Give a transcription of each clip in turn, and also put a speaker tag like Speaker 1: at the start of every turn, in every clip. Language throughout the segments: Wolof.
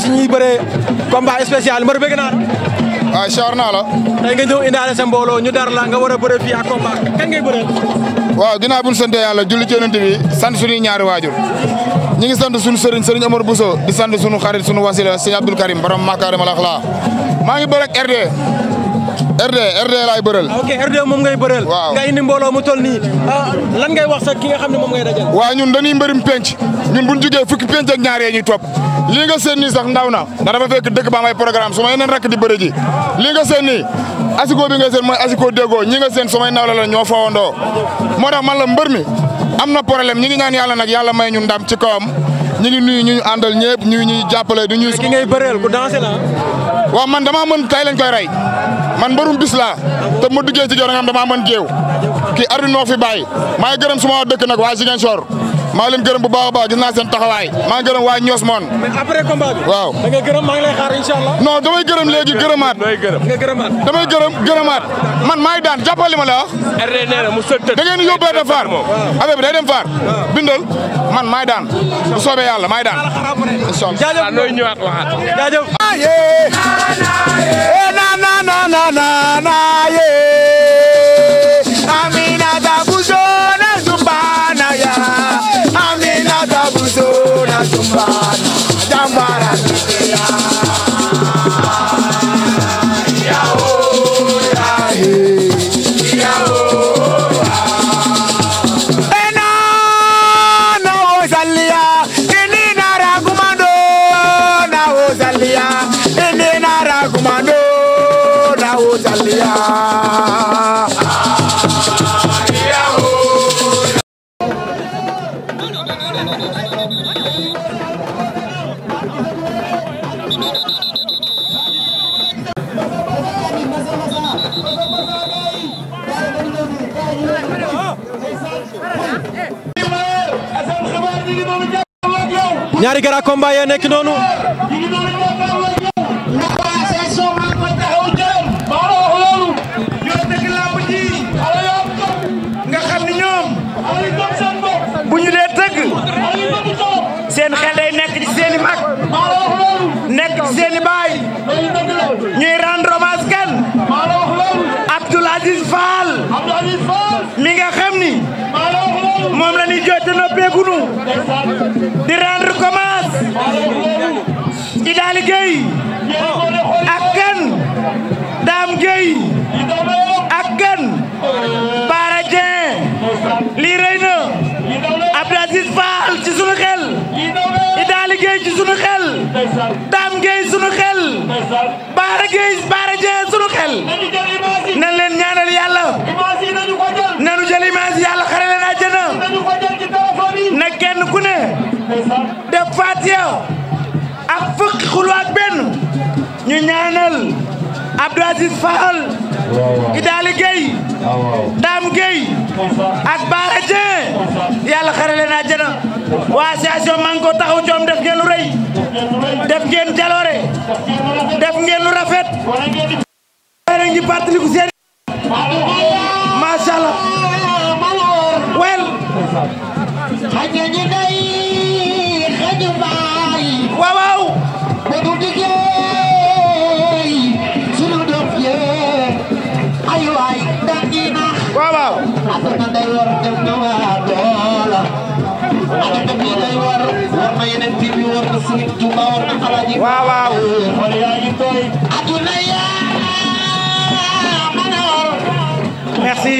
Speaker 1: si ñuy bëree combat spécial mbër bëgg naa la. waaw char naa tey nga ñëw indaale sa mbooloo ñu dar la nga war a bëree fii ak combat kan ngay bëree.
Speaker 2: waaw ginnaaw bu ñu sant yàlla julli ci sant suñuy ñaari waajur ñi ngi sant suñu sëriñ sëriñ Amar Bousso di sant suñu xarit suñu wasila sëñ Abdul Karim borom Makaarim al Axlaaq maa ngi bëre ak RD. RD RD laay bëreel. Ah, ok RD moom ngay bëreel. waaw nga indi mbooloo mu toll nii ah, lan ngay wax sax ki nga xam ne moom ngay dajal. waaw ñun dañuy mbërim penc ñun bu ñu jugee fukki ak ñaar yee ñuy topp nga seen nii sax ndaw na ndax dafa fekk dëkk ba may programme su ma yeneen rakk di bëre ji lii nga seen nii asiko bi nga seen mooy asiko dego. ñi nga seen sumay nawla la ñoo fawandoo moo tax man la mbër mi am na problème ñi ngi ñaan yàlla nag yàlla may ñu ndam ci kawam ñi ngi nuyu ñu ñu àndal ñëpp ñu ñuy jàppale du ñuy. ki ngay bëreel ku danser la. Ah. waaw man damaa mën tay lañ koy rey man mbërum bis laa te ma duggee ci géew nga xam man mën géew kii arbitre moo fi bàyyi maa ngi gërëm suma dëkk nag waa Ziguinchor maa ngi leen gërëm bu baax a baax gis naa seen taxawaay maa ngi gërëm waa Ñoos Moon. mais après combat bi. da gërëm maa damay gërëm gërëm gërëmaat. man maa ngi daan jàppal li ma la wax. RDA nee na mu sëb tëdd. da ngeen di yóbboo de faar affaire bi day dem faar. bindal man maa ngi daan bu soobee yàlla maa ngi daan. incha allah jaajëf waaw ah, nooy ñëwaat
Speaker 3: waxaat.
Speaker 1: ñaari gara combat ya nekk noonu
Speaker 3: noppeekunu di rendre commence ci daali Gueye ak kan Dame Gueye ak kan Bara Dieng na Abdou Aziz ci sunu i daali ci sunu xel Dame Gueye sunu xel Bara Gueye Bara ak Fatiha ak fukki xulu ak benn ñu ñaanal Abdou Aziz Fall Idaali Gueye Dame Gueye ak Baara Dieng yàlla xare leen àjjana waa association maa ngi ko taxaw joom def ngeen lu rëy def ngeen jaloore def ngeen lu rafet. ngi fàttaliku seen asaka day war dem a war merci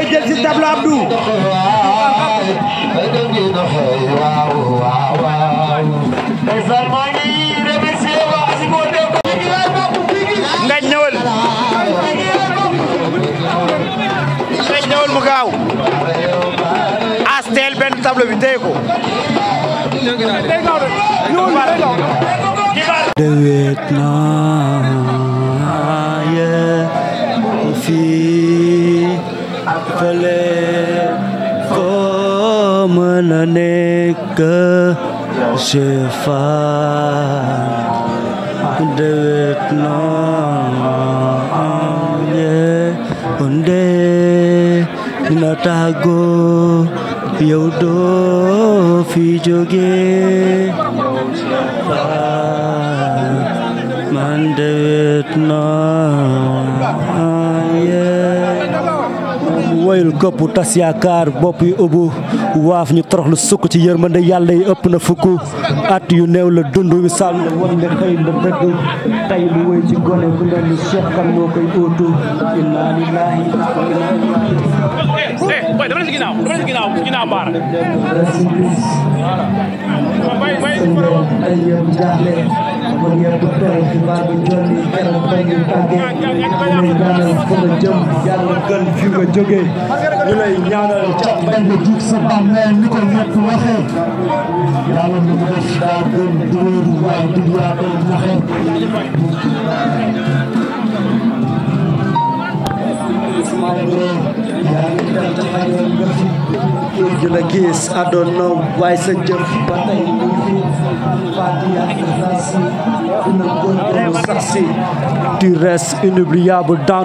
Speaker 3: koy jël si tableau Abdou. Ngañ ñëwal. Ngañ ñëwal mu gaaw. as teel benn tableau bi téye ko.
Speaker 4: sifat
Speaker 3: Dewit Natago Yodo Fijoge Mandewit no Ye Wail koputas yakar bopi ubuh waaf ñu torox lu sukk ci yërmande yàlla yi ëpp na fukk at yu néew la dund wi sàll la woon la xëy la dëgg tey lu wéy ci gone ku mel ni Cheikh kan moo koy óotu
Speaker 5: inna lillahi waaye dama ne si ginnaaw dama ne si ginnaaw ginnaaw mbaara.
Speaker 3: ñu lay ñaanal jàppal nga jug
Speaker 6: sa bàmmeel ni ko ñëpp waxee yàlla na mu def daa gën dóoru waaye du yaa koy naxe
Speaker 3: jërëjëf la gis àdduna waaye sa jëf mu fi Fatia Rassi une bonne
Speaker 6: saxi
Speaker 7: tu restes inoubliable dans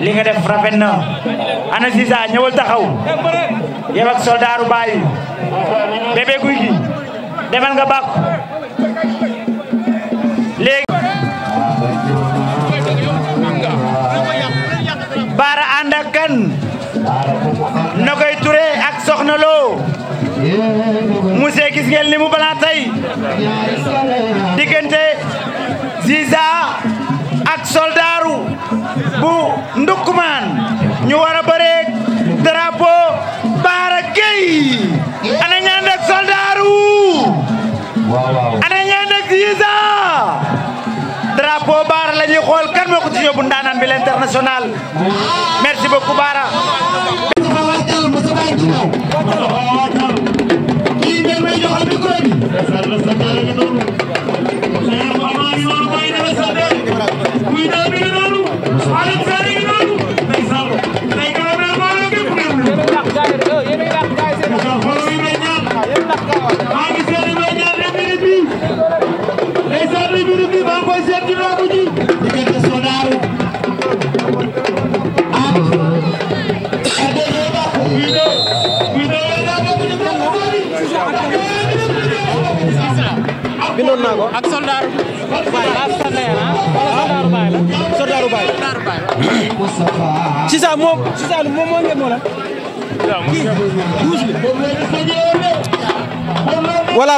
Speaker 3: li nga def rafet na ana Ziza ñëwal taxaw yow soldaaru baay Bébé Gouy Gui nga bàkk léegi baara ànd ak Nogoy Touré ak Soxna Lo Moussé gis ngeen li mu balaa tey diggante Ziza di yóbbu ndaanaan bi l'international merci beaucoup Bara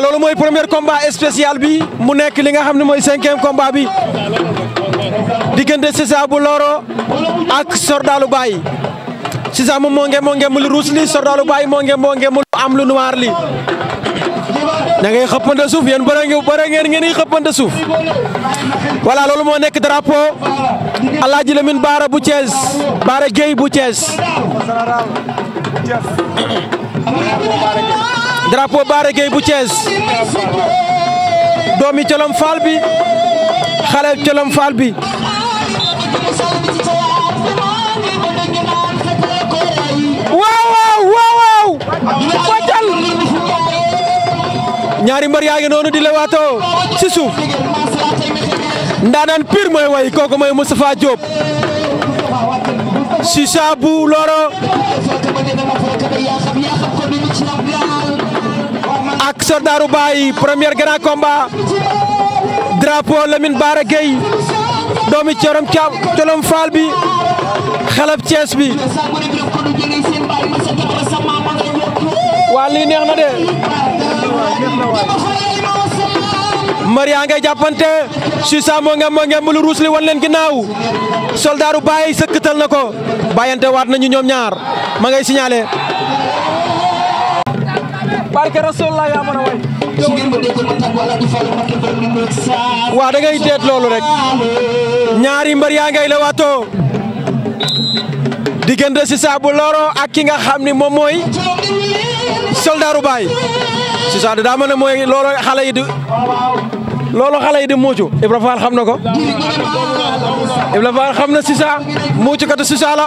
Speaker 1: loolu mooy premier combat spécial bi mu nekk li nga xam ne mooy cinquième komba bi diggante Sisa bu Loro ak Sordalu Baye Sisa moom moo nge moo nge mu li Sordalu Baye moo nge moo nge am lu noir li da ngay xëppante suuf yéen bëre ngeen bëre loolu moo nekk drapeau Alaaji Lamine Baara bu Thiès Baara Gueye bu Thiès drapeau Bara gay bu ties domi colom fal bi xale colom fal bi waaw waaw wàccal ñaari mbar yaa nonu di lewato ci suuf ndanan pir moy way koko moy Moustapha job Chicha bu Loro Saudara bayi premier gena komba drapeau Lamine Bara gay domi corom cam colom faal bi xalab Thiès bi wali neex na de mbër nga jappante jàppante Suisa moo ngem moo ngem lu ruus li wan leen Baye sëkkatal na ko nañu ñom ñaar ma ngay signaler barke rasulullah ya mën a way
Speaker 8: waa da ngay deet loolu rek
Speaker 1: ñaari mbër yaa ngay la waatoo diggante Sisa bu Loro ak ki nga xam ni moom mooy soldaaru baay Sisa daa mën a lolo loolu xale yi di loolu yi di muucu Ibra Fall Ibra Fall xam na Sisa muucukatu Sisa la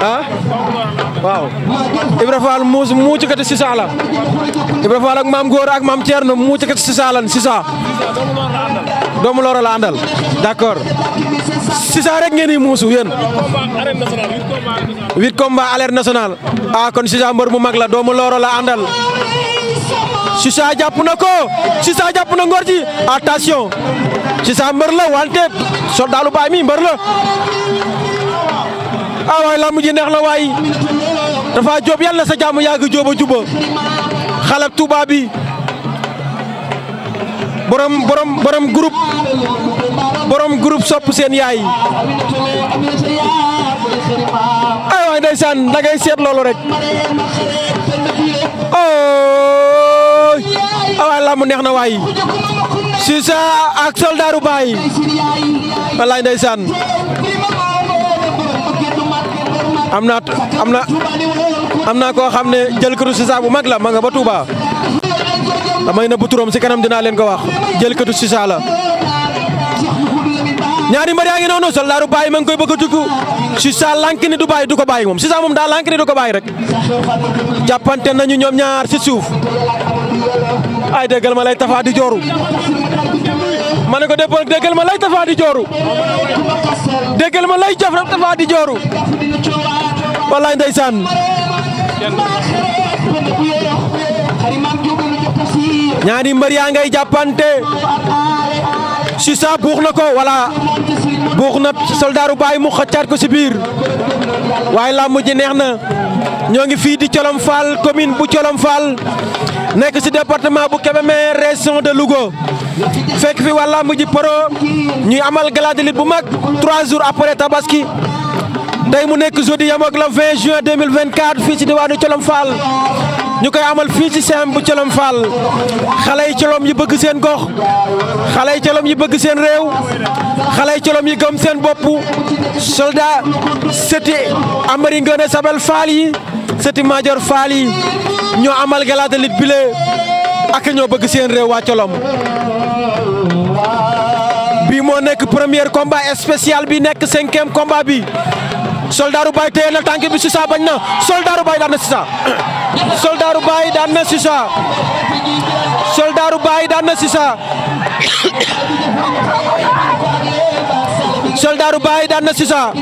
Speaker 1: ah waaw Ibra Fall muus Sisa la Ibra Fall ak maam Góor ak maam Thierno muucukatu Sisa lan Sisa doomu loora la àndal d'accord Sisa rek ngeen di muusu yéen huit combat alerte nationale ah kon Sisa mbër mu mag la doomu loora la àndal Sisa aja na ko Sisa jàpp na ngor susah attention Sisa la wante soldaalu baay mi mbër la ah waay lamb ji neex yang waay dafa ya yàlla na sa jàmm yàgg babi juba xalab Tuuba bi borom borom borom groupe borom groupe sop sen yaay ay rek oh waaw làmb neex na waay ak soldaaru baay wallaay ndeysaan am na am na am jël bu mag la ma nga ba Touba damay na bu turam si kanam dinaa leen ko wax jël këtu Siteu la ñaari mbër yaa ngi noonu soldaaru baay koy bëgg a dugg Siteu du bàyyi du ko bàyyi du ko rek nañu ñaar lay deggal ma lay tafa di joru ma ne ko déppoon déggal ma lay tafa di joru deggal ma lay jafram tafa di joru wallahi ndaysan ñaani mbër ya ngay jappante ci sa na ko wala buux na soldaaru mu xatiar ko ci bir waye làmb ji neex na di Colom fal commune bu Colom fal nekk ci département bu Kébémer région de Louga fekk fi waa lamb ji pro ñuy amal gala de lutte bu mag 3 jours après tabaski tey mu nekk jeudi yam ak le 20 juin 2024 fii ci diwaanu Colom Fall ñu koy amal fii ci sem bu Colom Fall xale yi colom yi bëgg seen gox xale yi colom yi bëgg seen réew xale yi colom yi gëm seen bopp soldat sëti Amari Ngoone Sabel Fall yi sëti Madior Fall yi ñoo amal galaata lit ñoo bëgg seen réew moo nekk premier combat spécial bi nekk cinquième combat bi soldaaru bay téye na tànk bi Sisa bañ na soldaaru bay daan na Sisa soldaaru bay daan na Sisa soldaaru na soldaaru bay daan na Sisa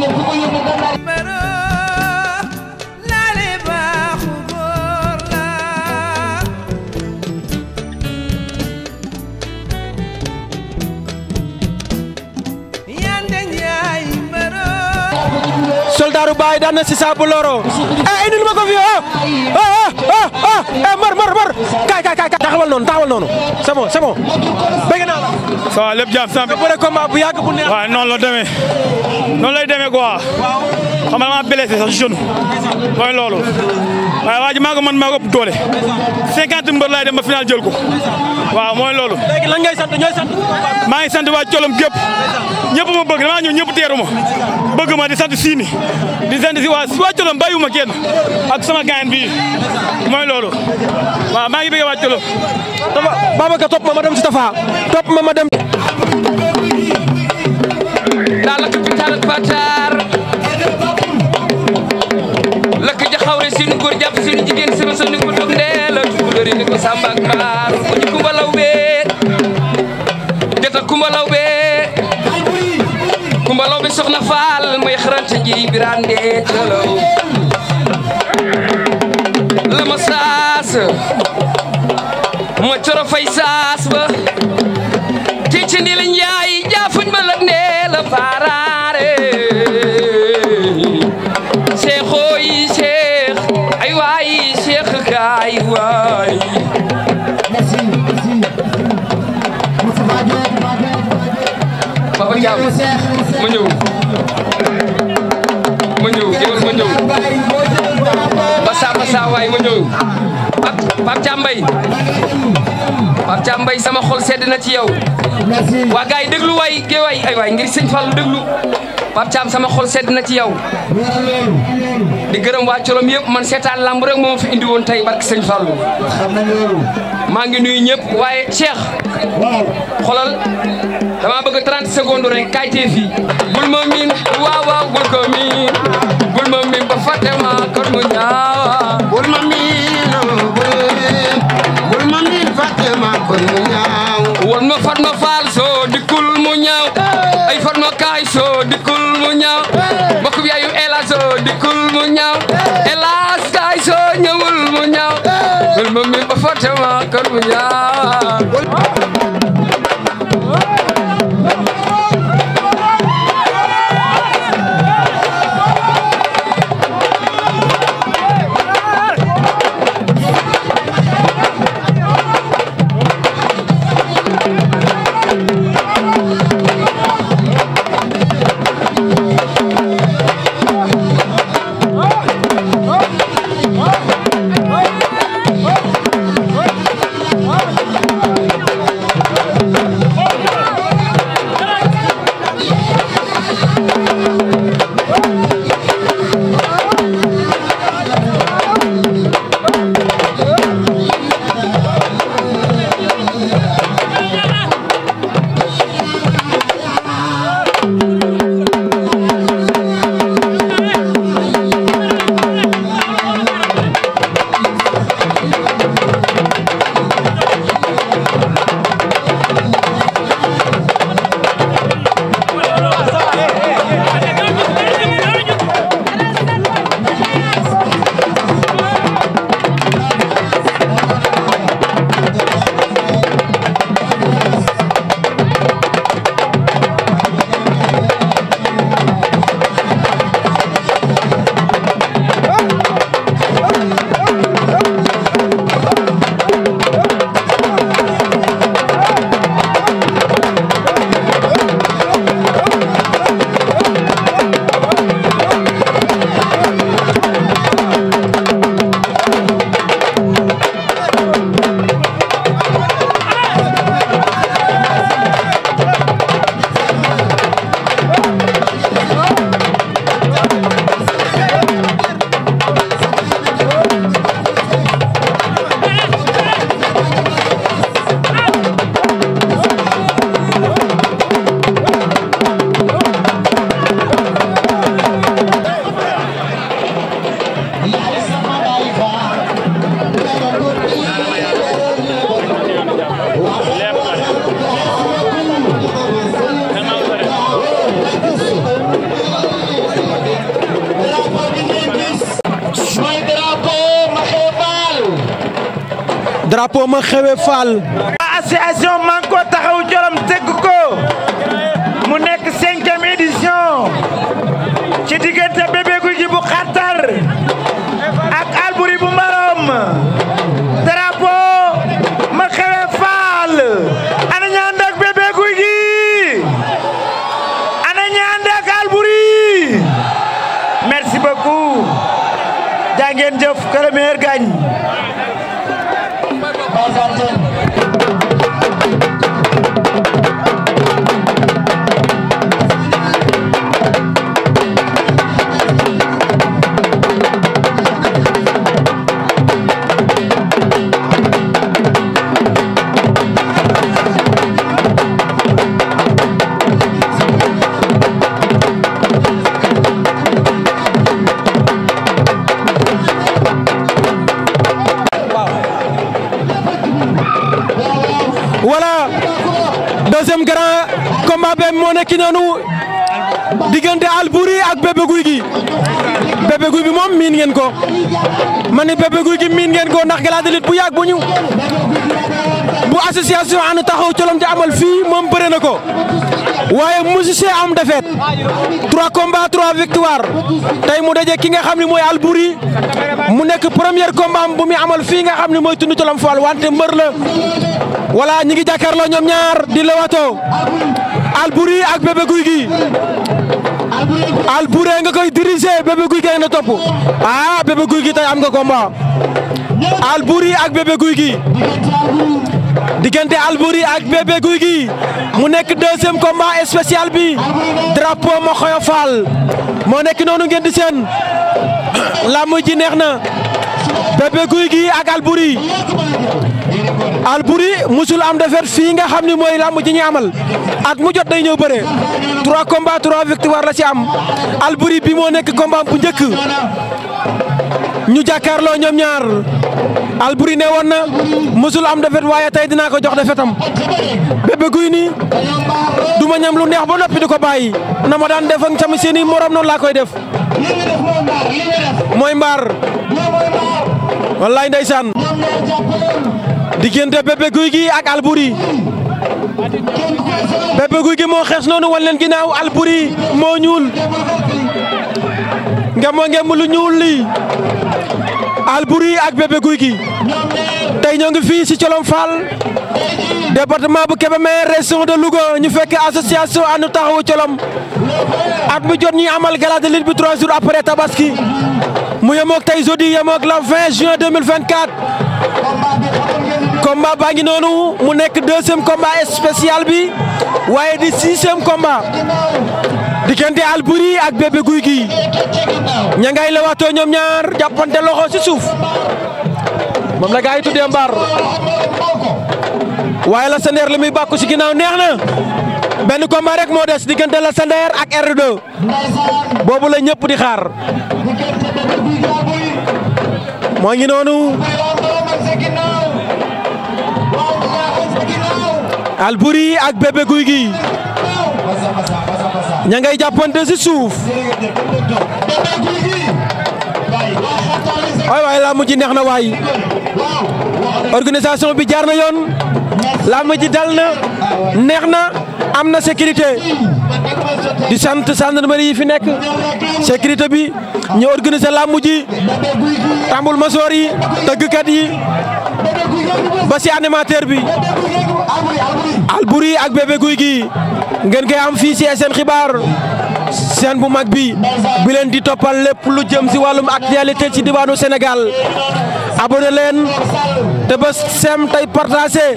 Speaker 1: Général Darou Baye daan na Cissé Abou Loro eh, eh indil ma ko fi ah ah ah eh mar mar mar kaay kaay kaay noonu taxawal noonu c'est bon c'est bon bëgg naa la. ça va lépp sant bi. bu dee combat bu yàgg bu neex. waaw noonu la demee noonu lay demee
Speaker 5: quoi. waa nga damaa blessé sax jeune mooy loolu waaye waa ji maa man maa ko ëpp doole cinquante mbër laay dem ba final jël ko waaw mooy loolu. léegi lan ngay
Speaker 1: sant maa ngi sant waa Colom gépp ñëpp ma bëgg damaa ñëw ñëpp ma bëgg ma di sant siini di sant si waa waa Colom bàyyiwu ma kenn ak sama gaayen bii mooy loolu waaw maa ngi bëgg waa Colom. Tafa Babacar topp ma ma dem si Tafa topp ma ma dem.
Speaker 9: suñu góor jàpp suñu jigéen si réseau ni ko dog ndee la tukulóori ni ko Samba ak Mbaar ko ñu Kumba Lawbe deta Kumba Lawbe Kumba Lawbe soxna Faal may xarante ji biraan dee calaw la ma saas ma coro fay saas ba jàmm ma ñëw ma waay ma ñëw Pape Thiambay Pape Thiambay sama xol sedd na ci yow waa gars yi déglu waay gee waay ngir sëñ Fallou déglu Pape sama xol sedd na ci yow di gërëm waa colom yëpp man seetaan lamb rek moo fi indi tey barke sëñ Fallou maa ngi nuyu ñëpp waaye Cheikh xolal dama bëgg 30 secondes rek kaay tee fii bul miin waaw waaw miin bul ma miin ba fàtte ma kon mu ñaawa ma miin oh, miin bul miin fàtte ma kon mu ñaaw won ma fat ma faal soo dikkul mu ñaaw फठवा करूँ जा
Speaker 1: Fall Laobé mo nek noonu digënde alburi ak Bébé Gouy Gui Bébé Gouy bi mom min ngeen ko mané Bébé Gouy Gui ngeen ko ndax gala bu yag bu ñu bu association an taxaw lom di amal fi mom bëre nako waye musicien am défaite trois combats trois victoires tay mu dajé ki nga xamni moy alburi mu nek premier combat bu mi amal fi nga xamni moy tunu ci lom fall wante mbeur la wala ñi ngi jakarlo ñom ñaar di lewato Alboury ak Bébé Gouy Gui Alboury nga koy diriger Bébé Gouy Gui ak na topp ah Bébé Gouy Gui am nga combat Alboury ak Bébé Gouy Gui diggante Alboury ak Bébé Gouy mu nekk deuxième combat spécial bi drapeau Mokhoyo Fall moo nekk noonu ngeen di seen làmb neex na Bébé Gouy Gui ak Alboury Albouri musul am defet fi nga xamni moy lamb ji amal at mu jot day ñew bëre trois combat trois victoires la ci am Albouri bi mo nek combat bu njëkk ñu jakarlo ñom ñaar Albouri ne woon na musul am defet waya tay dina ko jox defetam bebe Gouy ni duma ñam lu neex ba nopi diko bayyi na ma daan def ak sama seeni morom non la koy def moy mbar wallahi ndaysan diggante Bébé Gouy Gui ak Alboury Bébé Gouy Gui moo xees noonu wan leen ginnaaw Alboury moo ñuul ngemoo ngem lu ñuul lii Alboury ak Bébé Gouy Gui tey ñoo ngi fii ci Colom Fall département bu Kébémer région de Louga ñu fekk association ànd taxawu Colom at mu jot ñuy amal gala de lutte bi trois jours après Tabaski mu yemook tey jeudi yemook la vingt juin 2024 combat baa ngi noonu mu nek deuxième combat spécial bi waye di sixième combat diggante alburi ak Bébé Gouy Gui ña ngay la wato ñom ñaar jàppante loxo ci souf mom la gaa yi mbar waye la sender limi bakku ci ginaaw neexna ben combat rek moo des diggante la sender ak R2 bobu la ñëpp di xaar mo ngi nonu yi ak Bébé Gouy Gui ña ngay jàppante ci suuf ay waay làmb ji neex na waay organisation bi jaar na yoon làmb ji dal na neex na am na sécurité di sant gendarmerie yi fi nekk sécurité bi ñu organiser làmb ji tambul masoor yi tëggkat yi
Speaker 6: ba ci animateur bi
Speaker 1: Alboury ak Bébé guy gi ngeen koy am fii ci seen xibaar seen bu mag bi bi leen di toppal lépp lu jëm ci wàllum actualité ci diwaanu Sénégal abonné leen te bés sem tey partagé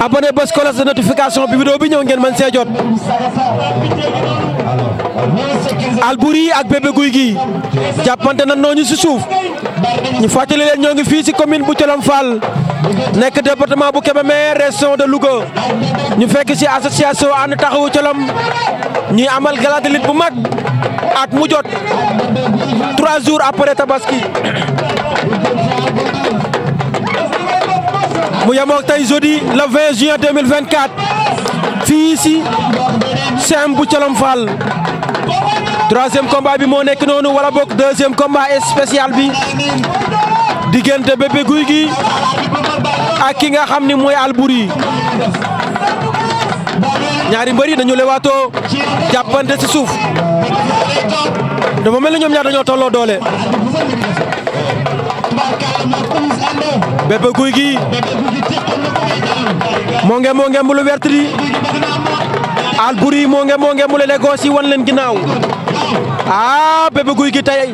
Speaker 1: abonné bés cloche de notification bi vidéo bi ñëw ngeen mën see jot. Alboury ak Bébé Gouy Gui jàppante na nooñu ci suuf ñu fàttali leen ñoo ngi fii ci commune bu Colom Fall nekk département bu Kébémer région de Louga ñu fekk ci association ànd taxawu Colom ñuy amal gala de lutte bu mag at mu jot trois jours après tabaski mu yemook tey jeudi le 20 juin 2024 fii ci CEM bu Colom Fall troisième combat bi mo nek nonou wala bok deuxième combat spécial bi digënté Bébé Gouy Gui ak ki nga xamni moy alburi ñaari mbeuri dañu lewato jappante ci souf dama mel ñom ñaar dañu tolo doole Bébé Gouy Gui nge mo nge mbulu wertri Alboury moo nge moo nge mu lele goos yi wan leen ginnaaw ah Bébé Gouy Gui tey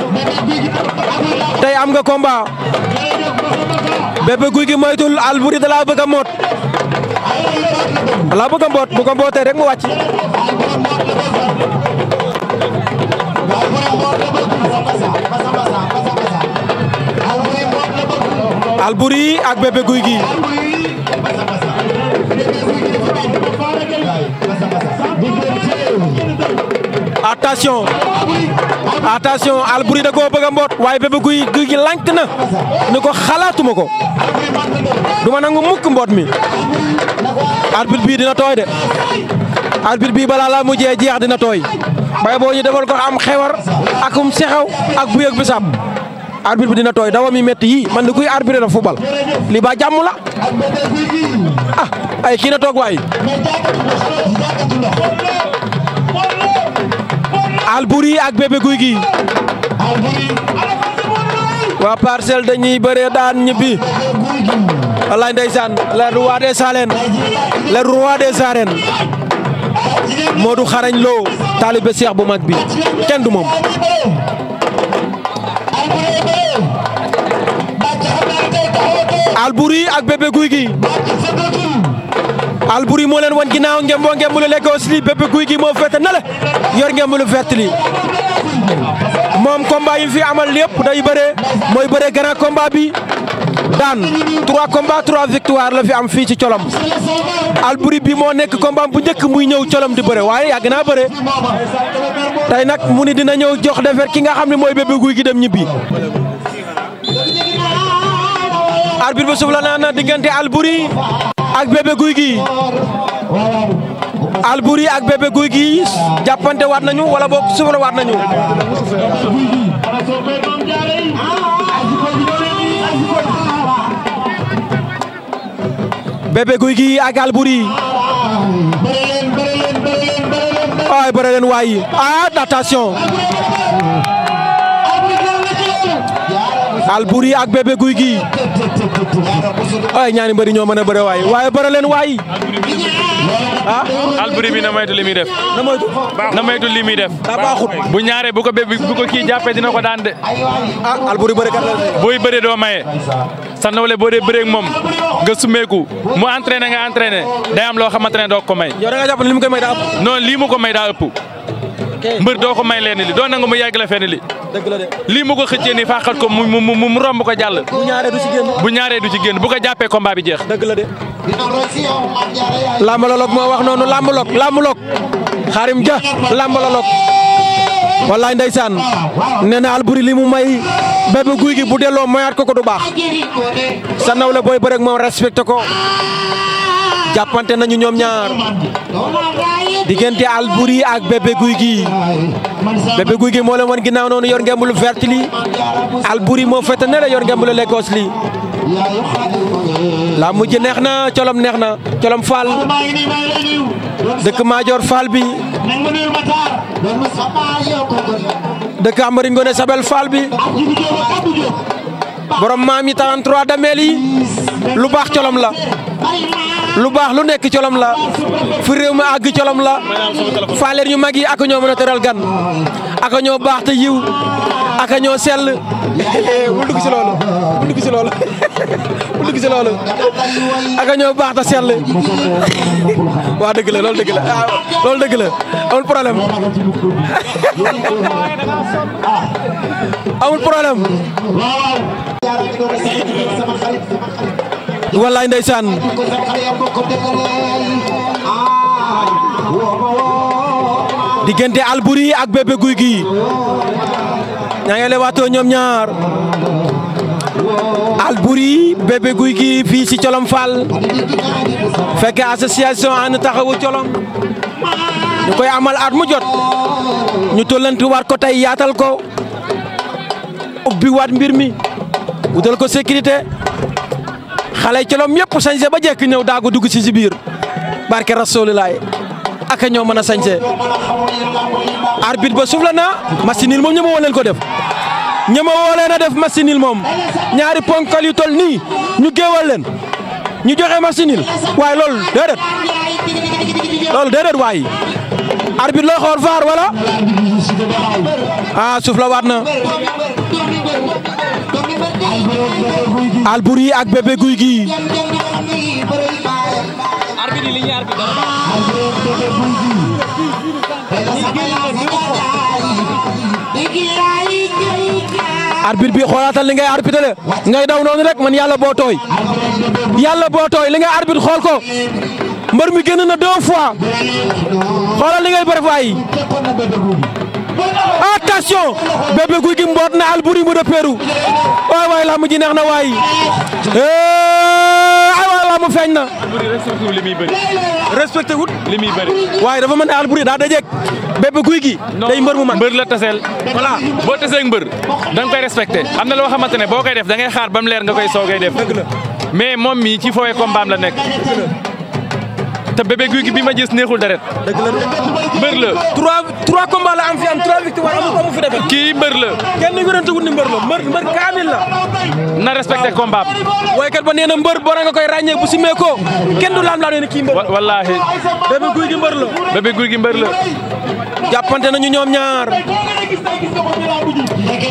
Speaker 1: tey am nga combat Bébé Gouy Gui moytul Alboury da laa bëgg a moot da laa bëgg a rek mu wàcc Alboury ak Bébé Gouy Gui. attention attention Alboury da koo bëgg mboot waaye Bébé Gouy Gui gi lànk na ni ko xalaatuma ko duma nangu mukk mboot mi arbitre bii dina tooy de arbitre bii balaa laa mujjee jeex dina tooy bay boo ñu defal ko am xewar akum sexaw ak buyëg bisaab arbitre bi dina tooy dawam yi métti yii man di kuy arbitre na football li ba jàmm la ah, ay kii na toog waay Alboury ak Bébé Gouy Gui waa parcelle dañuy bëree daan ñibbi wallaay ndeysaan le roi des arènes le roi des arènes Modou Xarañ Lo taalibe Seex bu mag bi kenn du moom Alboury ak Bébé Gouy Gui Alboury moo leen wan ginnaaw ngemboo ngemb lu Lagos li Bébé Gouy Gui moo fete na le yor ngemb lu vert li moom combat yi fi amal lépp day bëree mooy bëree grand combat bi daan trois combats trois victoire la fi am fii ci colom Alboury bi moo nekk combat bu njëkk muy ñëw colom di bëre waaye yàgg naa bëre tey nag mu ni dina ñëw jox defet ki nga xam ni mooy Bébé Gouy Gui dem ñibbi arbitre bi sufla na na diggante Alboury ak Bébé Gouy Gui Alboury ak Bébé Gouy Gui jàppante waat nañu wala boog sufla waat nañu Bébé Gouy Gui ak ay bëre leen waay ah attention Alboury ak Bébé Gouy Gui ay ñaari mbëri ñoo mën a bëre waay waaye bëre leen waay ah Alboury bi na moytu li muy def na moytu na moytu li muy def daa bu ñaare bu ko bébé bu ko kii jàppee dina ko daan de ah Alboury bëre kat la buy bëre doo maye sa nawle boo dee bëreeg moom nga sumeeku mu entraîné nga entraîné day am loo xamante ne doo ko may yow da li mu koy may daa ko may daa ëpp mbër doo ko may leen li doo nangu mu yàgg la fenn li dëgg lii mu ko xëccee nii faaxat ko mu mu mu romb ko jàll. bu ñaaree du ci génn. bu ñaaree du ci génn bu ko jàppee combat bi jeex. dëgg la de. lambalolog moo wax noonu lambalog lambalog xaarim ja lambalolog wallaay ndeysaan nee na Alboury li mu may Bébé Gouy Gui bu delloo mayaat ko ko du baax sa nawle booy bërëg moom respecté ko jappante nañu ñom ñaar
Speaker 10: digënté alburi ak
Speaker 1: Bébé Gouy Bébé Gouy mo moo leen wan ginnaaw noonu yor ngemb vertli alburi mo fété moo la yor ngemb lékos li la mujj neex na colom bi dekk Amari Ngone Sabel falbi, bi borom mami 33 dameli lu bax la lu baax lu nekk colom la fu réew mi àgg colom la faaleer ñu mag yi ak ñoo mën a teral gan ak ñoo baax te yiw ak ñoo sell bul dugg si loolu bul dugg si loolu bul ñoo baax te sell waa dëgg la loolu dëgg la ah, loolu dëgg wallaay ndaysan diggante alburi ak Bébé Gouy Gui ñaa ngi lewaatoo ñaar alburi Bébé Gouy fi ci Colom Fall fekk association an taxawu cholom ñukoy amal at mu jot ñu tollanti war iya ko tay yaatal ko ubbi wat mbir mi ko sécurité xale colom yëpp sañse ba jekk ñëw daagu dugg ci si biir barke rasulilaay ak a ñoo mën a sañse arbitre ba sufla na masinil moom ñëma woo ko def ñëma woo leen a def masinil moom ñaari ponkal yu tol nii ñu géewal leen ñu joxe masinil waaye loolu déedéet loolu déedéet waaye arbitre looy xool faar wala ah sufla waat na Alboury ak Bébé Gouy Gui arbitre bi xoolaatal li ngay arbitre la ngay daw noonu rek man yàlla boo tooy yàlla boo tooy li ngay arbitre xool ko mbër mi génn na deux fois xoolal li ngay bëri waay attention Bébé Gouy Gui mboot na Alboury mu repéeru waay waay làmb ji neex na waaye waay eh, ay waay làmb feeñ na. respecté wut li muy bëri. waaye dafa mën ne Alboury daa dajeeg Bébé Gouy Gui. day mbër mu ma mbër la taseel. voilà boo taseeg mbër da nga koy respecté am na loo xamante ne boo koy def da ngay xaar ba mu leer nga koy soogay def. mais moom mii ci fooyee combat am la nekk. te bébé guy gi bi ma gis neexul deret. dëgg la mbër la. trois trois am fi am trois victoires amul amul fi defee. kii mbër la. kenn wérante wut ni mbër la mbër kaamil la. na respecté combat bi. waaye kat ba nee na mbër boo nga koy ràññee bu simee ko kenn du laam laa ne kii mbër la. wallaahi. bébé guy gi mbër la. guy gi mbër la. jàppante nañu ñoom ñaar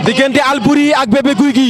Speaker 1: diggante Alboury ak bébé guy gi.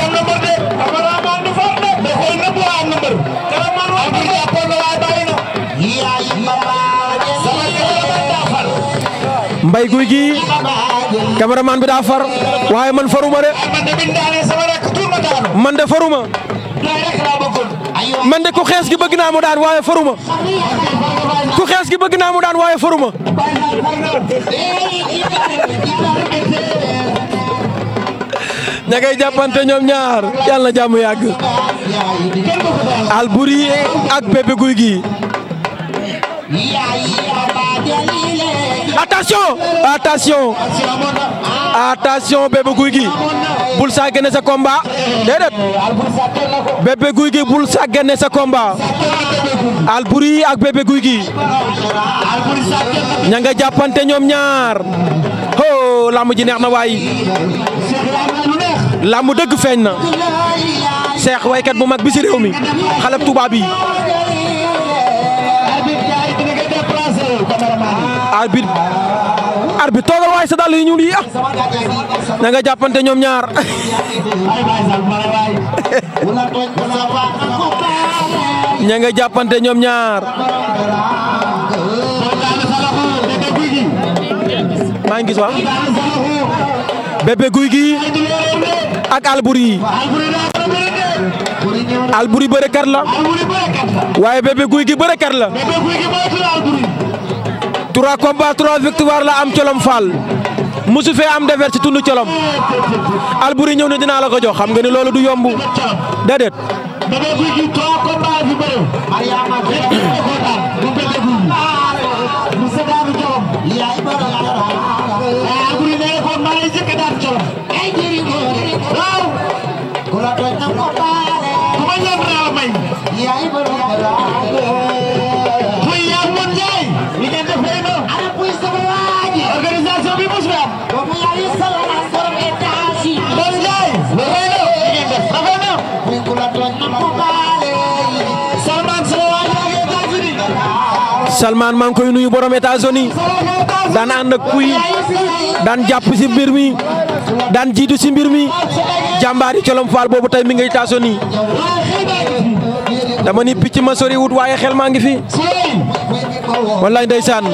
Speaker 1: mbay guuy gi cameraman bi da far waye man faruma de man de faruma man de ku xees gi beug na mu daan waye faruma ku xees gi beug na mu daan waye faruma ña ngay jàppante ñoom ñaar yàlla na jàmm yàgg Alboury ak Bébé Gouy Gui attention attention attention Bébé Gouy Gui bul sàggane sa combat déedéet Bébé Gouy Gui bul sàggane sa combat Alboury ak Bébé Gouy Gui ña nga jàppante ñoom ñaar ho làmb ji neex na waay làmb dëgg feeñ na seex waykat bu mag bi ci réew mi xale tubaab bi arbitre arbitre toogal waaye sa dàll yu ñuul yi ah na nga jàppante ñoom ñaar ña nga jàppante ñoom ñaar ngi Bébé ak la waaye Bébé trois combats trois victoire la am colom Fall musu fee am defet ci tund colom Alboury ñëw ne dinaa la ko jox xam nga ni loolu du yomb déedéet. Salman maa ngi koy nuyu borom États-Unis daan ànd ak kuy daan jàpp si mbir mi daan jiitu si mbir mi jàmbaari colom faal boobu tey mi ngay États-Unis dama ni picc ma sori waaye xel maa ngi fi
Speaker 11: wallaay ndeysaan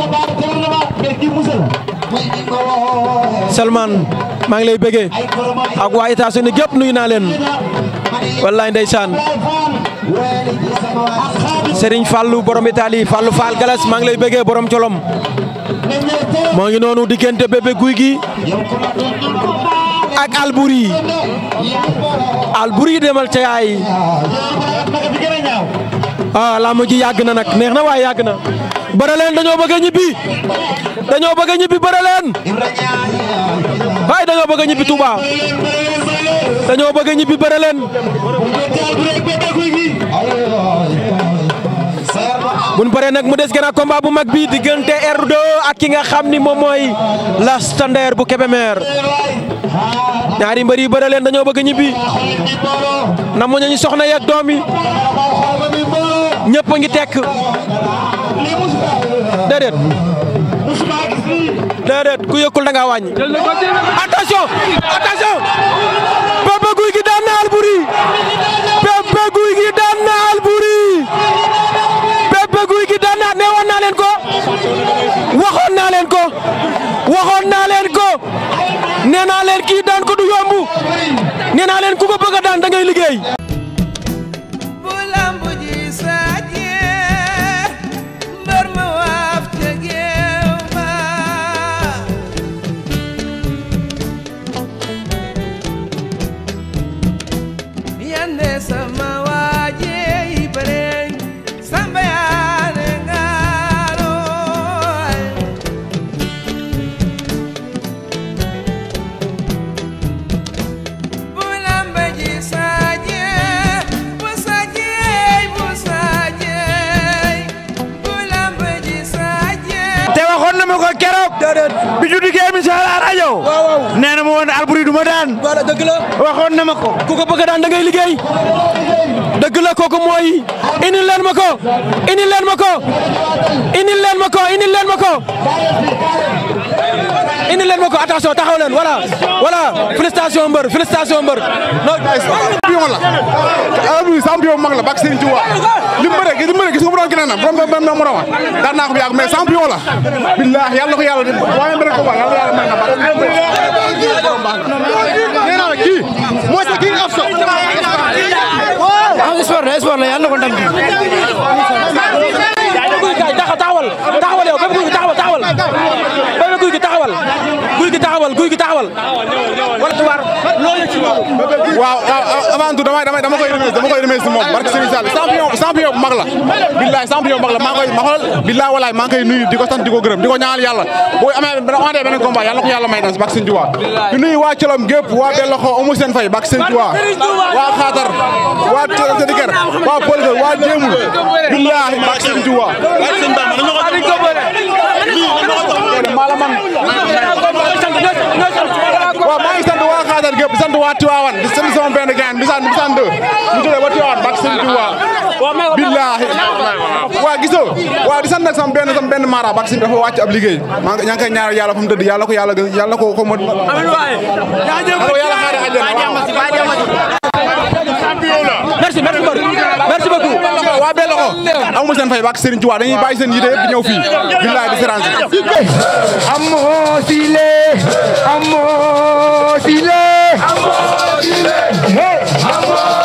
Speaker 1: Salman maa ngi lay bëggee ak waa états gépp nuyu naa leen wallaay ndeysaan Serigne fallu borom Italie fallu fal Galas mang lay bëggee borom colom mo ngi nonu diggante bébé guigi ak alburi alburi demal ci ay ah mo ji yag na nak neex na way yag na bëre leen bëgg ñibi
Speaker 6: ñibbi
Speaker 1: bëgg ñibi ñibbi bay leen bëgg ñibi Touba dañoo bëgg ñibi ñibbi buñ paree nag mu des gën a bu mag bi diggante r ak ki nga xam ni moom mooy la bu Kébémer ñaari mbër yi bëre leen dañoo bëgg ñibbi na mu ñu soxna yeeg doom yi ñëpp a ngi tekk déedéet. déedéet ku yëkkul da ngaa wàññi. attention attention Papa Guy gi daan na Alboury Papa Guy gi daan na Alboury Papa Guy gi daan na neewoon naa leen ko waxoon naa leen ko waxoon naa leen ko nee naa leen kii daan ko du yomb nee naa leen ku ko bëgg a liggéey.
Speaker 3: déedéet bi ñu duggee émission la rajo nee na
Speaker 1: daan dëgg waxoon na ma ko ku ko liggéey dëgg la kooku mooy indil leen ma ko indil leen ma ko indi leen ma ko attention taxaw leen voilà voilà félicitation mbër félicitation mbër non champion la abi ah champion mag la bak Serigne
Speaker 11: Touba ko bu yàgg mais champion la billahi yàlla ko yàlla waaye bëre
Speaker 1: taxawal guy gi taxawal guy gi taxawal.
Speaker 11: waaw waaw avant tout dama dama dama koy remercier dama koy remercier moom barke bu mag la billaay champion bu mag la maa koy ma xool billaay walaay maa koy nuyu di ko sant di ko gërëm di ko ñaanal yàlla boo amee amee beneen combat yàlla ko yàlla may dans barke Serigne Touba di waa Colom gépp waa Belloxo amu seen fay barke Serigne waa Xaatar waa Sédiker waa Polga waa Jéemul billaay barke Serigne maa la man waaw maa ngi Njaasaan gépp waa Tiwaawan di sant sama benn gaan bisaan bisaan deux mu tuddee waa Tiwaawan bak sëñ
Speaker 5: Tuubaa billaahi waaw gisoo waaw di sant
Speaker 11: nag sama benn sama benn mara bak sëñ dafa wàcc ab liggéey maa ngi ñaa ngi koy ñaanal yàlla fa mu tëdd yàlla ko yàlla gën yàlla ko ko mot
Speaker 3: merci merci beaucoup merci beaucoup waa bee loxo
Speaker 11: amuma seen fay bak sëriñ Tuubaa dañuy bàyyi seen yite yëpp ñëw fii billaahi di sérange
Speaker 6: amoo sile amoo sile
Speaker 10: Hey! ilẹ̀ àwọn.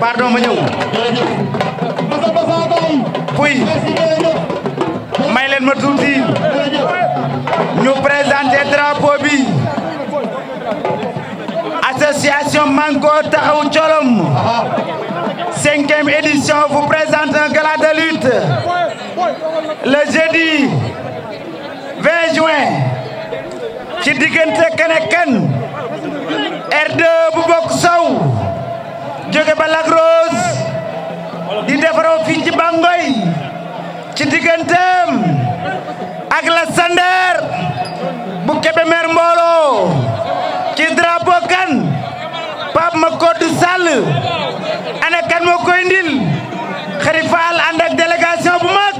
Speaker 3: pardon ma ñëw puy may leen ma tuuti ñu président 5 Taxawu cinquième édition vous présente un gala de lutte le jeudi 20 juin ci diggante Kenekan R2 bu bokk sow jóge Rose Bangoy ci digganteem ak la Sander bu qui drapeau Ken. Pape Makodou Sall ana kan moo koy ndil Khary Fall ànd ak délégation bu mag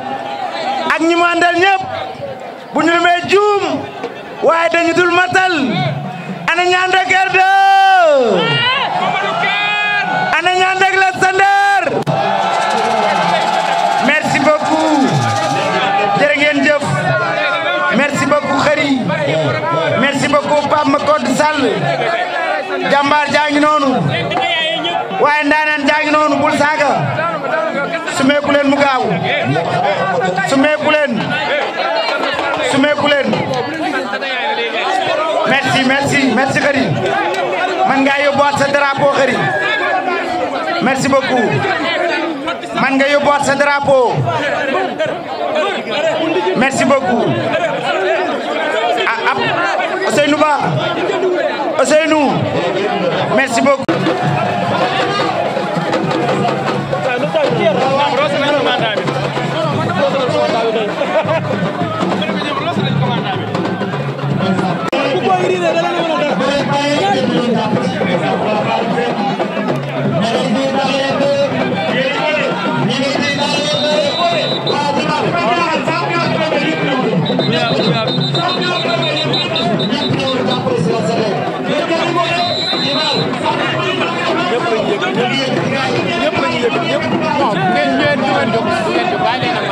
Speaker 3: ak ñi mu àndal ñëpp bu ñu lumee juum waaye dañu dul matal ana ñi ànd ak RDA ana ñi ànd ak la standard merci beaucoup jërë ngeen jëf merci beaucoup Khary merci beaucoup jàmbaar jaa ngi noonu waaye ndaanaan jaa bul saaga su meeku mu gaaw su meeku leen su meeku leen merci merci merci xëri man nga yóbbuwaat sa drapeau xëri merci beaucoup man nga yóbbuwaat sa drapeau merci beaucoup ah ah Ousseynou Ba Ousseynou Merci beaucoup. en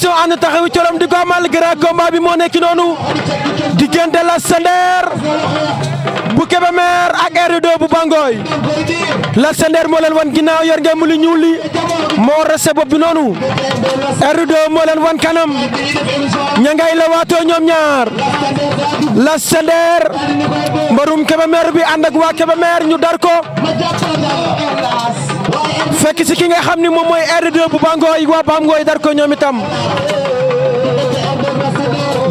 Speaker 1: production ànd bi moo nekk noonu la Sender bu Kébémer ak R2 bu Bangoy li moo rese bopp bi noonu mbarum Kébémer bi ànd ak waa Kébémer ñu dar fekk si ki ngay xam ni moom mooy R2 bu Bangoy waa Bangoy dar ko ñoom itam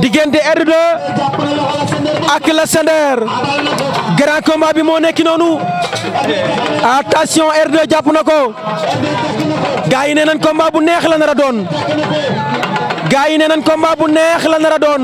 Speaker 1: diggante R2 ak Lassender grand combat bi moo nekki noonu attention R2 jàpp na ko gaa yi nee nañ combat bu neex la nar a doon gaa yi nee nañ combat bu neex la nar a doon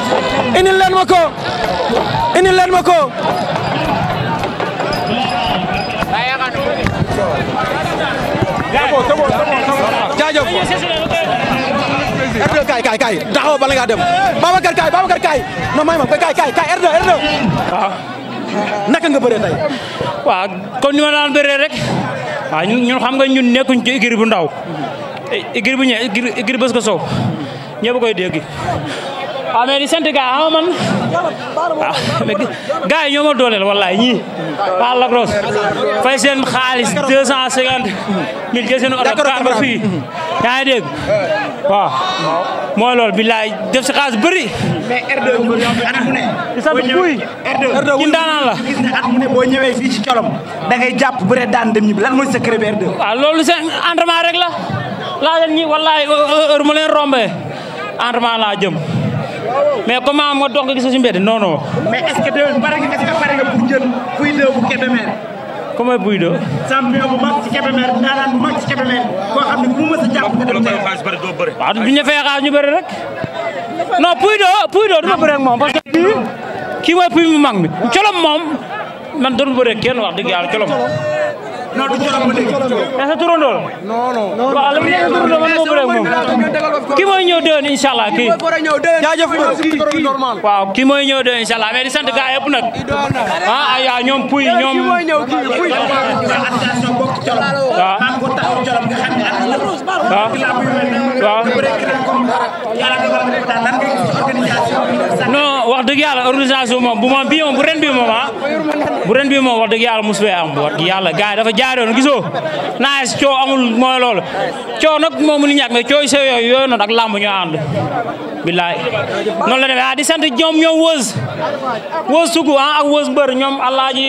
Speaker 1: indil leen ma ko indil leen ma ko
Speaker 11: jaajëf R2 kaay kaay kaay
Speaker 5: taxaw bala nga dem Babacar kaay Babacar kaay ma kaay kaay kaay R2 naka nga bëree tey kon comme ni ma daan bëree rek waaw ñun xam nga ñun nekkuñ ci écurie bu ndaw écurie bu ñëw écurie bës ko koy dégg waaw ah, mais di sant gars xam ah, man ah, yi ñoo ma dooleel wallaay ñii waa Lagros fay seen xaalis deux cent cinquante mille jël seen oto ba fii yaa ngi dégg mooy loolu billaay def bëri mais R2 at boo ñëwee fii ci colom da ngay jàpp bëre daan dem ñibbi lan mooy secret bi R2 waaw loolu seen la laa leen ñi wallaay heure mu leen rombee laa jëm mais comment nga dox nga gis ko si mbedd non non. mais est ce que déwén pare nga est ce que bu Kébémer. comment buy sa jàpp nga dem tey. waaw du ñu fay xaalis ñu bëri rek. non puy dëw puy dëw du ma bëri ak moom parce que kii kii mooy puy mu mag mi colom moom man doon bëri kenn wax dëgg yàlla colom. non du Corom ba léegi. est ce que turandoo la. non non non waaw li moo bëree ki mooy ñëw déwén incha allah kii. jaajëf waaw ki mooy ñëw déwén incha allah di sant gars yëpp nag. ah ñoom puy ñoom. waaw waaw waaw. non. wax dëgg yàlla organisation moom bu ma bii moom bu ren bi moom ah bu ren bi moom wax dëgg yàlla mosu fee am wax dëgg yàlla gars yi dafa jaaroon gisoo naa si coow amul mooy loolu coow nag moom mu lu ñàkk mais coow sew yooyu yooyu ak làmb ñoo ànd billaay noonu la demee ah di sant jom ñoom wës wës sugu ah ak wës mbër ñoom alaaji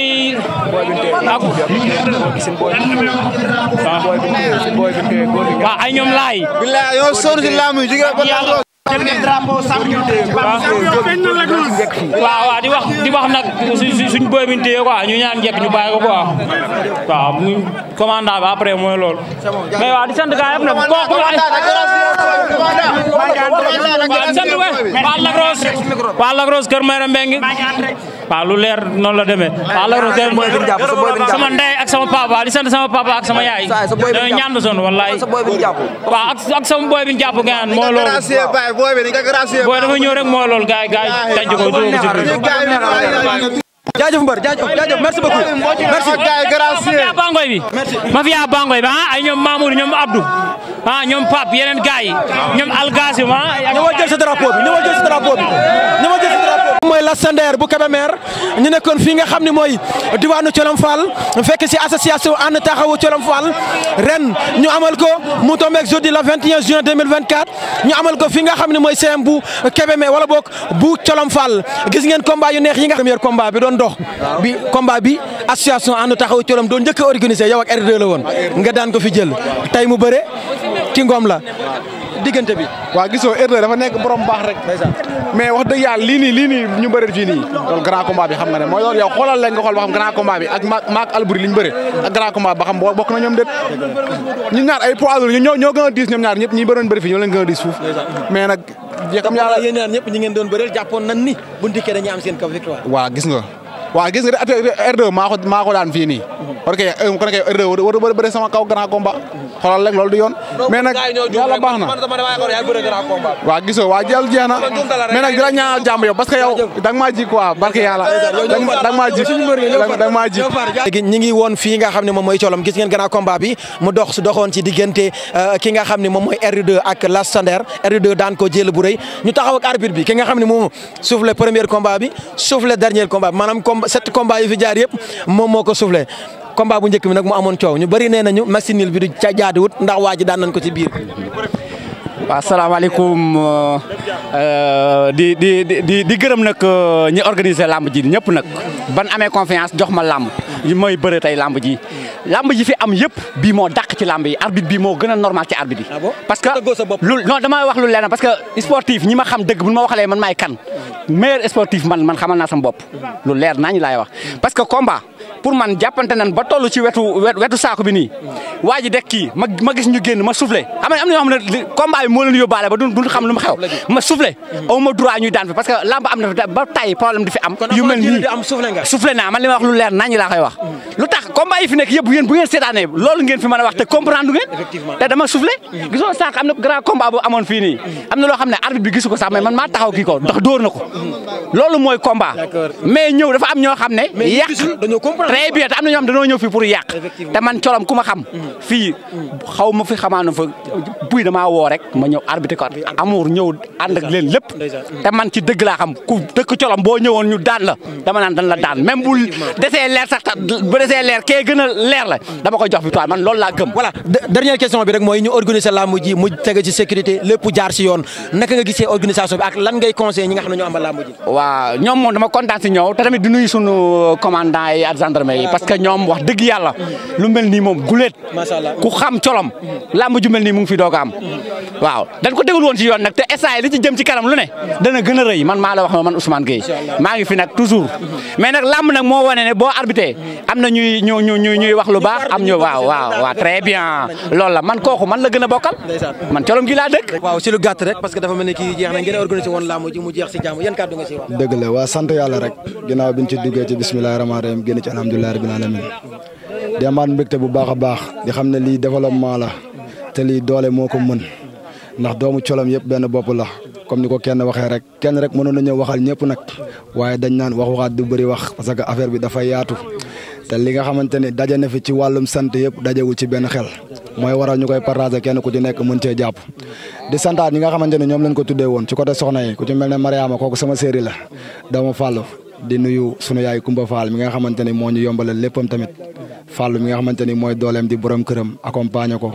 Speaker 5: ak ay ñoom laay jërëjëf
Speaker 3: drapeau champion waaw waaw di
Speaker 5: wax di wax nag suñ booy bi ñu téye quoi ñu ñaan njëkk ñu bàyyi ko quoi waaw muy commandant ba après mooy loolu.
Speaker 9: mais waaw di sant gars yëpp nag kooku ay. waaw di sant waay waa Lac Rose
Speaker 5: waa Lac Rose Kër Mayra Mbengue paa ler leer noonu la deme eh, sama sama papa di sama papa ak sama ak ak sama rek gaay gaay ko ci merci beaucoup iya, iya, iya. merci. mafia bangoy bi mafia bangoy ah, ay Mamour Abdou ah, Algasim drapeau bi
Speaker 1: mooy Lastander
Speaker 5: bu Kébémer ñu nekkoon fii
Speaker 1: nga xam ne mooy diwaanu Colom Fall fekk si association ànd taxawu Colom Fall ren ñu amal ko mu tombeeg jeudi le 21 juin 2024 ñu amal ko fi nga xam ne mooy CM bu Kébémer wala boog bu Colom Fall gis ngeen combat yu neex yi nga xam premier combat bi doon dox bi combat bi association ànd taxawu Colom doon njëkk a organisé yow ak R2 la woon nga daan ko fi jël tey mu bëre ci ngoom la diggante bi waaw gisoo erreur dafa nekk
Speaker 11: borom baax rek mais wax dëgg yàlla lii nii lii nii ñu bëre fii nii loolu grand combat xam nga ne mooy loolu yow xoolal leen nga xool ba xam grand combat maak Albouri li ñu bëre ak grand combat ba xam bokk na ñoom déet ñun ñaar ay poids lourds ñoo ñoo diis ñoom ñaar ñëpp ñi bëroon bëri ñoo leen gën diis fuuf mais nag
Speaker 1: jeexam yàlla ñi doon bëreel jàppoon nañ ni bu ndikkee dañuy am seen
Speaker 11: gis nga waaw gis nga R2 maa ko ko daan fii nii. parce que kon kay R2 sama kaw grand combat. xoolal rek loolu du yoon. mais nag yàlla so na waaw gisoo
Speaker 1: jël jeex mais nag dina ñaanal jàmm yow parce que yow da nga ji quoi barke yàlla da nga ji da nga ji. ñi ngi woon fii nga xam ne moom mooy gis ngeen grand combat bi mu dox su ci eh, ki nga R2 ak R2 daan ko jël bu ñu taxaw ak arbitre bi ki nga souffle premier combat bi souffle dernier combat bi combat sept combat yu fi jaar yëpp moom moo ko soufflé combat bu njëkk bi nag mu amoon coow ñu bëri nee nañu machine bi du ca wut ndax waa ji daan nañ ko ci biir.
Speaker 7: waa salaamaaleykum euh, euh, di di di di gërëm nag euh, ñi organiser làmb ji ñëpp nag ban amee confiance jox ma làmb mooy bëre tey làmb ji làmb ji fi am yëpp bii moo dàq ci lamb yi arbitre bi moo gën a normal ci arbitre yi ah parce que lu non damay wax lu leena parce que sportif ñi ma xam dëgg bu ma waxalee man maay kan meilleur sportif man man xamal naa sam bopp lu leer naa ñu laay wax parce que komba pour man jàppante nan ci wetu wetu bi nii waa ji kii ma gis ñu génn ma soufflé am na ñoo xam ne combat bi moo leen yóbbaale ba duñ xam lu mu xew ma soufflé am na ba wax lu leer nañ laa koy wax lu tax combat yi fi nekk yëpp yéen bu ngeen seetaanee loolu ngeen fi mën a wax te comprendre ngeen te dama soufflé gisoo sànq am na grand combat bu amoon fii nii am na loo xam ne arbitre bi gisu ko sax man maa taxaw kii ko ndax dóor na ko hmm. loolu mooy combat rey bi te am na ñoom dañoo ñëw fii pour yàq te man colom ku ma xam mm. fii xaw ma fi xamaano fa buy damaa woo rek ma ñëw arbitre ko ñëw ànd leen lépp mm. te man ci dëgg laa xam ku dëkk colom boo ñëwoon ñu daan la mm. dama naan dan la daan même bu
Speaker 1: desee leer sax ta desee leer kee gën a leer la dama ko jox victoire man loolu laa gëm voilà dernière question bi rek mooy ñu organiser làmb ji mu tege ci sécurité lépp jaar si yoon naka nga gisee organisation bi ak lan ngay conseiller ñi nga xam ne ñoo
Speaker 7: am làmb gendarme yi parce que ñom wax deug yalla lu melni mom gulet ku xam colom lamb ju melni mu ngi fi doga am waaw dañ ko dégul won ci yoon nak te essay li ci jëm ci karam lu ne dana gëna reuy man ma la wax man Ousmane Gueye ma ngi fi nak toujours mais nak lamb nak mo wone ne bo arbitré am na ñuy ñu ñu ñu ñuy wax lu baax am ñu waaw waaw wa très bien
Speaker 1: lool la man koku man la gëna bokal man colom gi la dëkk waaw ci lu gatt rek parce que dafa melni ki jeex na ngeen organiser won lamb ji mu jeex si jàmm yan kàddu nga ci wax
Speaker 8: dëgg la wa sante yalla rek ginaaw biñ ci duggé ci bismillahir rahmanir rahim génn ci alhamdulillah alhamdulilah rabbil alamin di bu baax baax di xam ne lii développement la te lii doole moo ko mën ndax doomu colom yëpp benn bopp la comme ni ko kenn waxee rek kenn rek mënoon nañoo waxal ñëpp nag waaye dañ naan wax waxaat du bëri wax parce que affaire bi dafa yaatu te li nga xamante ne daje na fi ci wàllum sant yëpp dajewul ci benn xel mooy waral ñu koy partager kenn ku ci nekk mën cee jàpp di santaat ñi nga xamante ne ñoom lañ ko tuddee woon ci côté soxna yi ku ci mel ne Mariama kooku sama séeri la di nuyu sunu yaay Kumba Fall mi nga xamante ni moo ñu yombalal léppam tamit Fall mi nga xamante ni mooy dooleem di borom këram accompagner ko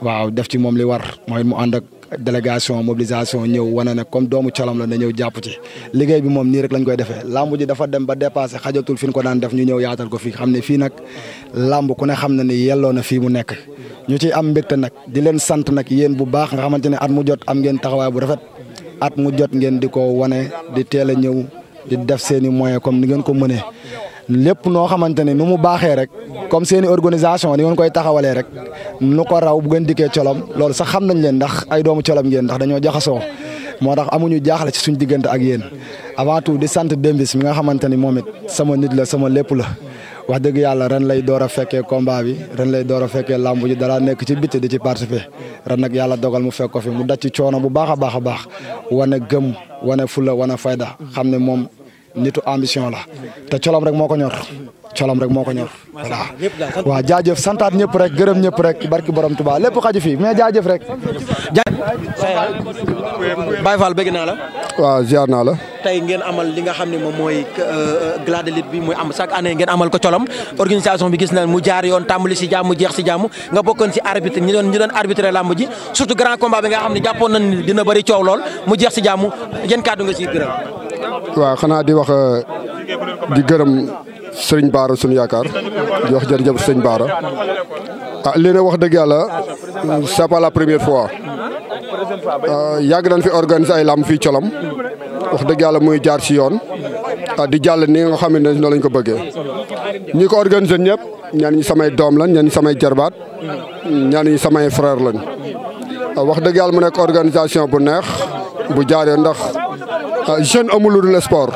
Speaker 8: waaw def ci moom li war mooy mu ànd ak délégation mobilisation ñëw wane na comme doomu colom la na ñëw jàpp ci liggéey bi moom nii rek lañ koy defee làmb ji dafa dem ba dépassé xajatul fi ñu ko daan def ñu ñëw yaatal ko fii xam ne fii nag làmb ku ne xam na ni yelloo na fii mu nekk ñu ci am mbégte nag di leen sant nag yéen bu baax nga xamante ne at mu jot am ngeen taxawaay bu rafet at mu jot ngeen di ko wane di teel a ñëw di def seen i moyens comme ni ngeen ko mënee lépp noo xamante ne nu mu baaxee rek comme seeni organisation ni ngeen koy taxawalee rek nu ko raw bu ngeen dikkee colom loolu sax xam nañ leen ndax ay doomu colom ngeen ndax dañoo jaxasoo moo tax amuñu jaaxle ci suñ diggante ak yéen avant tout di sant Dembis mi nga xamante ni moom it sama nit la sama lépp la. wax dëgg yàlla ren lay door a fekkee combat ren lay door a fekkee làmb ji dara nekk ci bitti di ci participer ren nag yàlla dogal mu fekk fi mu daj ci coono bu baax a baax a baax wane gëm wane fula wane fayda xam ne moom nitu ambition la te colom rek moo ko ñor colom rek moo ko ñor voilà waaw jaajëf santaat ñëpp rek gërëm ñëpp rek barki borom Tuubaa lépp xaju fii mais jaajëf rek
Speaker 1: Baye Fall bëgg naa
Speaker 12: la. waaw ziar naa la.
Speaker 1: tey ngeen amal li nga xam ne moom mooy euh, euh, bi muy am chaque année ngeen amal ko colom organisation bi gis na mu jaar yoon tàmbali si jàmm jeex si jàmm nga bokkoon si arbitre ñi doon ñi doon arbitré làmb ji surtout grand combat bi nga xam ne jàppoon dina bëri coow lool mu jeex si jàmm yan kàddu nga siy gërëm.
Speaker 12: waaw xanaa di wax euh, di gërëm sëriñ Baara sunu yaakaar di wax jërëjëf sëriñ Baara ah li wax dëgg yàlla c'est pas la première fois. Euh, yag nañ fi organiser ay lam fi cholam wax deug yalla muy jaar ci yoon ah, di jall ni nga xam no lañ ko bëggee ñi ko organiser ñep ñaan ñi samay dom lañ ñaan ñi samay jarbat ñaan ñi samay frère lañ ah, wax deug yalla mu nek organisation bu neex bu jaaré ndax ah, jeune amul lu sport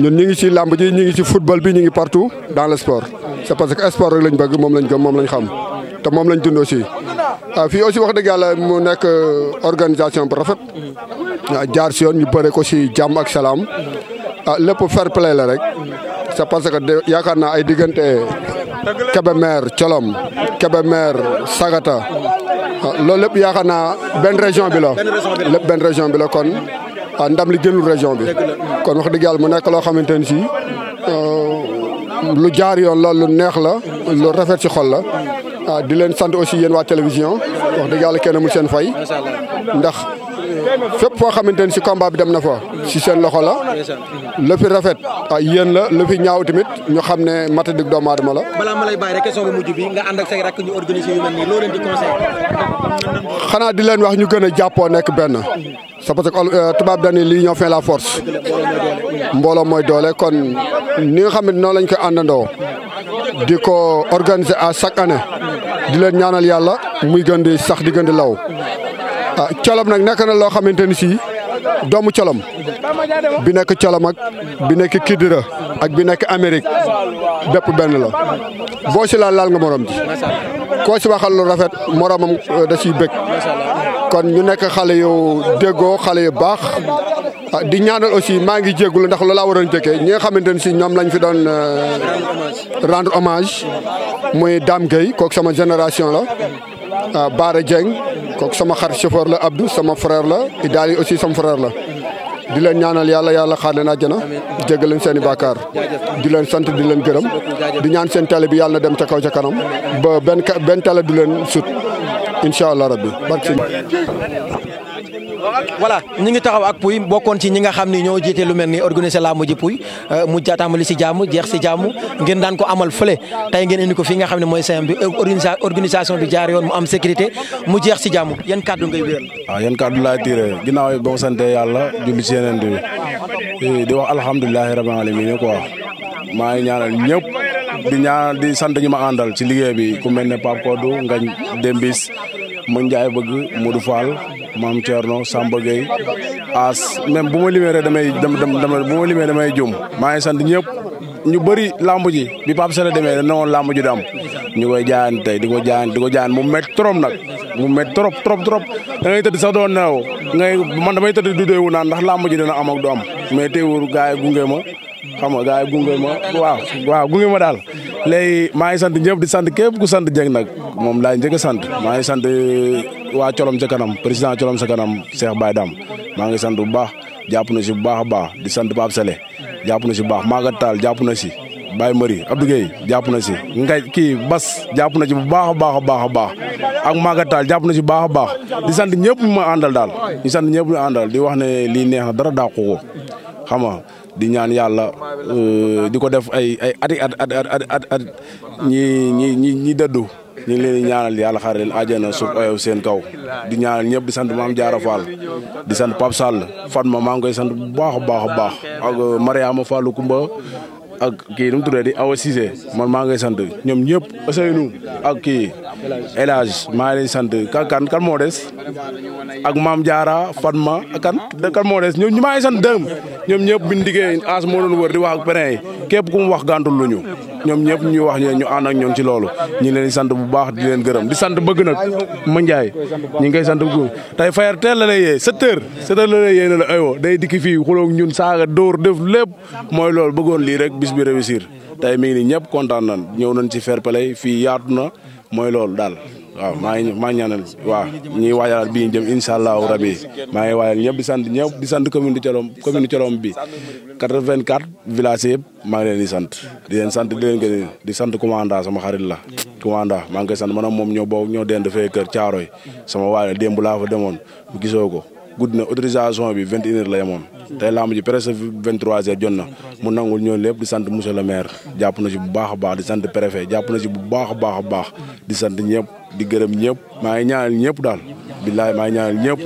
Speaker 12: ñun ñi ngi ci lamb ji ñi ngi ci football bi ñi ngi partout dans le sport c'est parce que sport rek lañ bëgg mom lañ gëm mom lañ xam te moom lañ dund aussi waaw ah, fii aussi wax dëgg yàlla mu nekk euh, organisation bu rafet ah, jaar si yoon ñu bëre ko si jàmm ak salaam a ah, lépp fair play la rek c'est parce que yaakaar naa ay diggante Kébémer Colom Kébémer Sagata loolu lépp yaakaar naa benn région bi la lépp benn région bi la kon ndam li gënul région bi kon wax dëgg yàlla mu nekk loo xamante ne si euh, lu jaar yoon la lu neex la lu rafet si xol la ah di leen sant aussi yéen waa télévision wax dëgg yàlla kenn amul seen fay ndax fépp foo xamante ni si combat dem na fa si seen loxo la la fi rafet ah yéen la la fi ñaaw tamit ñu xam ne matadik doomu aadama la.
Speaker 1: balaa ma lay bàyyi rek ñu
Speaker 12: xanaa di leen wax ñu gën a jàppoo nekk benn. c'est parce que euh, tubaab dañuy lii ñoo fait la force. mbooloo mooy doole kon ni nga xam ne lañ koy àndandoo. di ko organiser à chaque année. di leen ñaanal yàlla muy gën di sax di gën di law ah colom nag nekk na loo xamante ni si doomu colom bi nekk colom ak bi nekk Kidira ak bi nekk Amérique bépp benn la boo si laal laal nga morom ji koo si waxal lu rafet moromam eh, da siy bëgg. kon ñu nek xalé yu déggo xalé yu bax di ñaanal aussi ma ngi jéggul ndax loolaa waroon jëkkee ñi nga xamanteni ci ñom lañ fi doon euh, rendre hommage moy Dame Gueye kooku sama génération la ah, Baara Dieng kooku sama xar chauffeur la Abdou sama frère la Idaali aussi sama frère la di leen ñaanal yalla yalla xalé na jëna jéggal leen seeni bakkar di leen sant di leen gërëm di ñaan seen télé bi yalla na dem ca kaw ci kanam ba ben ben télé du leen sut inshallah allah rabbi barke
Speaker 1: wala ñi ngi taxaw ak puy bokon ci ñi nga xamni ñoo jité lu melni ni organiser laamu ji puy euh, mu jaataamali ci jàmm jeex ci jàmm ngeen daan ko amal fële tay ngeen indi ko fi nga xamni moy sayam bi euh, organisation bi jaar
Speaker 4: yoon mu am sécurité mu jeex ci jàmm yan kàddu ngay wër ah yan kàddu la tiré ginaaw bo santé yalla yàlla julli si yeneen bi di wax alhamdullahi rabbil alamin quoi ma ñaanal ñepp di ñaan di sant ñu ma àndal ci liggéey bi ku mel ne Pape Kodou Ngañ Dembis mu Ndiaye bëgg Modou Fall Maam Thierno Samba Gueye As même bu ma limee rek damay dam dam bu ma limee damay jum maa ngi sant ñëpp ñu bëri lamb ji bi Pape Sala demee dana woon lamb ji du am ñu koy jaayaan tey di ko jaayaan di ko jaayaan mu met trop nag mu met trop trop trop da ngay tëdd sax doon nelaw ma man damay tëdd du deewu naan ndax lamb ji dana am ak du am mais teewul gars yi gunge xam nga gars yi gunge ma waaw waaw gunge ma daal léegi maa sant ñëpp di sant képp ku sant jeng nag mom laay njëkk a sant maa ngi sant waa colom sa kanam président colom sa kanam Cheikh Baye Dam ma ngi sant bu baax jàpp na si bu baax baax di sant Pape Sele jàpp na si bu baax Maguette Tall jàpp na si Baye Mari Abdou Gueye jàpp na si nga kii Bas jàpp na si bu baax a baax baax baax ak Maguette Tall jàpp na si baax baax di sant ñëpp ma andal daal di sant ñëpp ñu andal di wax ne lii neex na dara dàqu ko di ñaan yàlla euh, di ko def ay ay ati at at at at at ñi ñi ñi ñi dëddu ñu ngi leen di ñaanal yàlla xaar leen àjjana suuf euh, ayow seen kaw di ñaanal ñëpp di sant maam Diarra Fall di sant Pape Sall ma maa ngi koy sant bu baax baax a baax ak euh, Mariama Fallou Kumba ak kii nu mu tuddee di Awa Cissé man maa ngi koy sant ñoom ñëpp Ousseynou ak kii El Hadj maa ngi lay sant kan kan kan moo des ak Maam Diarra Fatma kan kan moo des ñoom ñu maa ngi sant dërëm ñoom ñëpp bi ñu diggee moo doon wër di wax ak parrain yi képp ku mu wax gàntul lu ñu ñoom ñëpp ñuy wax ñu ànd ak ñoom ci loolu ñu ngi leen sant bu baax di leen gërëm di sant bëgg nag ma Ndiaye ñu ngi koy sant bu tey fayar teel la lay yee sept heures la yee ne la aywa day dikki fi xuloog ñun saaga dóor def lépp mooy loolu bëggoon lii rek bis bi réussir tey mi ngi nii ñëpp kontaan ñëw nañ ci fair play fii yaatu na mooy loolu daal waaw maa ngi maa ngi ñaanal waaw ñuy waajalaat bii ñu jëm incha allahu rabi maa ngi waajal ñëpp di sant ñëpp di sant commune de Thiolome commune de Thiolome bi 84 villages yëpp maa ngi leen di sant di sant di di sant commandant sama xarit la commandant maa ngi koy sant maanaam moom ñoo bokk ñoo dend fee kër Caaroy sama waajal démb laa fa demoon bu gisoo ko gudd na autorisation bi vingt heures la yemoon te lamb ji presque vingt-trois heures jot na mu nangul ñooñu lépp di sant monsieur le maire jàpp na ci bu baax a baax di sant préfet jàpp na ci bu baax a baax a baax di sant ñëpp di gërëm ñëpp maa ngi ñaanal ñëpp daal billaay maa ngi ñaanal ñëpp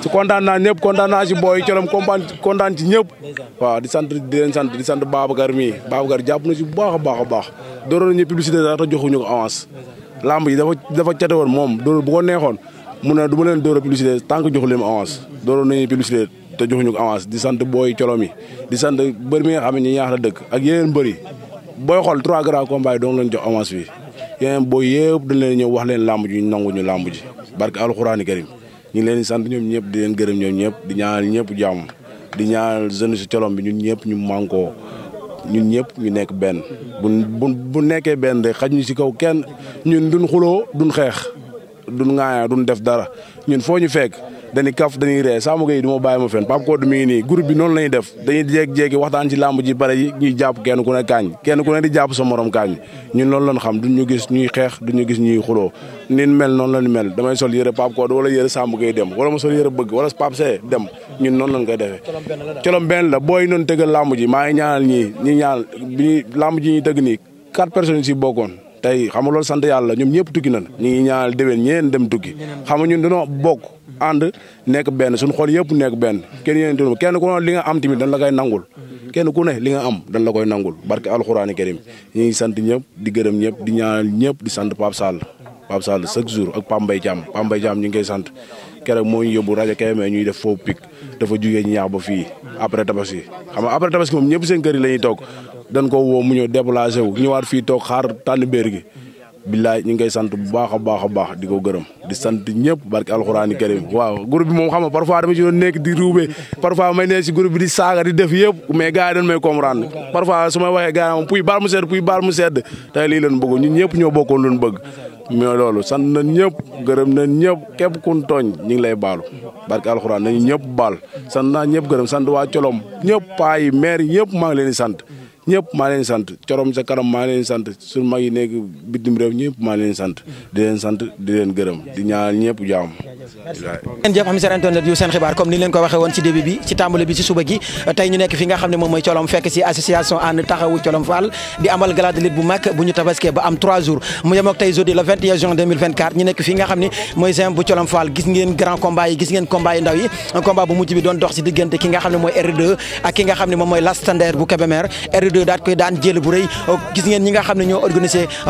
Speaker 4: ci kontaan naan ñëpp kontaan naa ci booy colom kontaan kontaan ci ñëpp waaw di sant di sant di sant Babacar mii Babacar jàpp na ci bu baax a baax a baax dooroon ñu publicité sax te joxuñu ko avance lamb ji dafa dafa cate woon moom dooroon bu ko neexoon mu ne du ma leen door a publicité tant que joxu leen avance dooroon nañu publicité te joxuñu ko avance di sante boy cholomi di sante mbër mi nga xamni ñaax la dëkk ak yeneen bëri boy xol trois grands combats do ngi leen jox avance bi yeneen boy yeb dañ leen ñew wax leen lamb ji ñu nangu ñu lamb ji barke alcorane karim ñi leen di sant ñoom ñëpp di leen gërëm ñom ñep di ñaanal ñep jàmm di ñaanal jeune si colom bi ñun ñep ñu manko ñun ñep ñu nekk ben bu bu nekké ben de rek ci kaw kenn ñun duñ xulo duñ xex duñ ngaaya duñ def dara ñun foo ñu fekk dañuy kaf dañuy ree Sama Gueye du ma bàyyi ma fen Pape Codé mi ngi nii groupe bi noonu lañuy def dañuy jékki-jékki waxtaan ci làmb ji pare yi ñuy jàpp kenn ku ne kaañ kenn ku ne di jàpp sa morom kaañ ñun loolu lañ xam duñ ñu gis ñuy xeex duñ ñu gis ñuy xuloo nin mel noonu lañu mel damay sol yëre Pape Codé wala yëre Sama Gueye dem wala ma sol yëre bëgg wala Pape Seye dem ñun noonu lañ koy defee colom benn la booy noonu tëggal làmb ji maa ngi ñaanal ñii ñi ñaanal bi làmb nii quatre personnes yi tey xam nga loolu sant yàlla ñoom ñëpp tukki nañ ñi ngi ñaanal déwén ñeen dem tukki xam nga ñun dañoo bokk ànd nekk benn suñu xol yëpp nekk benn kenn yéen tun kenn ku ne li nga am tamit dañ la koy nangul kenn ku ne li nga am dañ la koy nangul barke alxuraani karim ñu ngi sant ñëpp di gërëm ñëpp di ñaanal ñëpp di sant Pape Sall Pape Sall chaque jour ak Pape Mbaye Thiam Pape Mbaye Thiam ñu ngi koy sant keroog moo ñu yóbbu rajo Kébémer ñuy def foofu pic dafa jugee ñaax ba fii après tabaski xam nga après tabaski moom ñëpp seen kër la ñuy toog dan ko woo mu ñëw déplacé wu ñëwaat fii toog xaar tànn béer gi billaay ñu ngi koy sant bu baax a baax a baax di ko gërëm di sant ñëpp barki alxuraani karim waaw groupe bi moom xam nga parfois dama ci doon nekk di ruubee parfois may nekk si groupe bi di saaga di def yëpp mais gars yi may comprendre parfois su may waxee puy baal mu sedd puy baal mu sedd tey lii leen bëgg ñun ñëpp ñoo bokkoon luñ bëgg mais loolu sant nañ ñëpp gërëm nañ ñëpp képp kun tooñ ñu ngi lay baalu barki alxuraan nañu ñëpp baal sant naa ñëpp gërëm sant waa colom ñëpp paa yi maire ñëpp maa ngi leen di sant ñepp ma leen sant ciorom sa kanam ma leen sant sun mag yi nekk bitim réew ñëpp maa leen sant di leen sant di leen gërëm di ñaanal ñepp jaam
Speaker 1: ñen jëf am seen internet yu seen xibaar comme ni leen ko waxe won ci début bi ci tàmbali bi ci suba gi tay ñu nekk fi nga xamne mom moy ciorom fekk ci association ànd taxawu ciorom fall di amal galade lit bu mak bu ñu tabaské ba am 3 jours mu yam ak tay jeudi le 21 juin 2024 ñu nekk fi nga xamne moy mooy bu ciorom fall gis ngeen grand combat yi gis ngeen combat yi ndaw yi un combat bu mujj bi doon dox ci digënté ki nga xamne moy R2 ak ki nga xamne mom moy mooy standard bu Kebemer R2 2 daat koy daan jël bu rëy gis ngeen ñi nga ñoo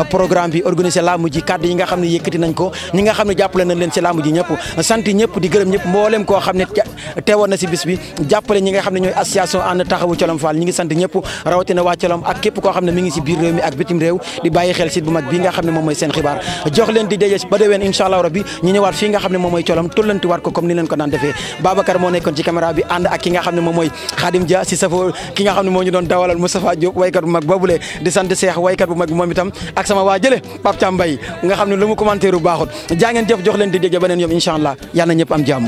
Speaker 1: programme bi organisé laamu ji kaddu yi nga xam ne nañ ko ñi nga xam ne nañ leen si laamu ji ñëpp sant ñëpp di gërëm ñëpp na si bis bi jàppale ñi nga xam ne association ànd taxawu colom faal ñi ngi sant ñëpp rawatina waa colom ak képp koo xam mi ngi si biir réew mi ak bitim réew di bàyyi xel site bu mag bi nga xam ne moom seen xibaar jox leen di déje ba déween rabbi ñëwaat nga ko comme ni leen ko daan ci caméra bi ànd ak ki nga xam ne moom Khadim Dia si safo ki nga ñu doon dawalal Moustapha Diop waykat bu mag boobule di sant Cheikh waykat bu mag bi moom itam ak sama waa jële Pape Thiam Mbaye nga xam ne lu mu commentaire bu baaxut jaa ngeen jëf jox leen di dégg beneen yoon incha allah yàlla na ñëpp am jàmm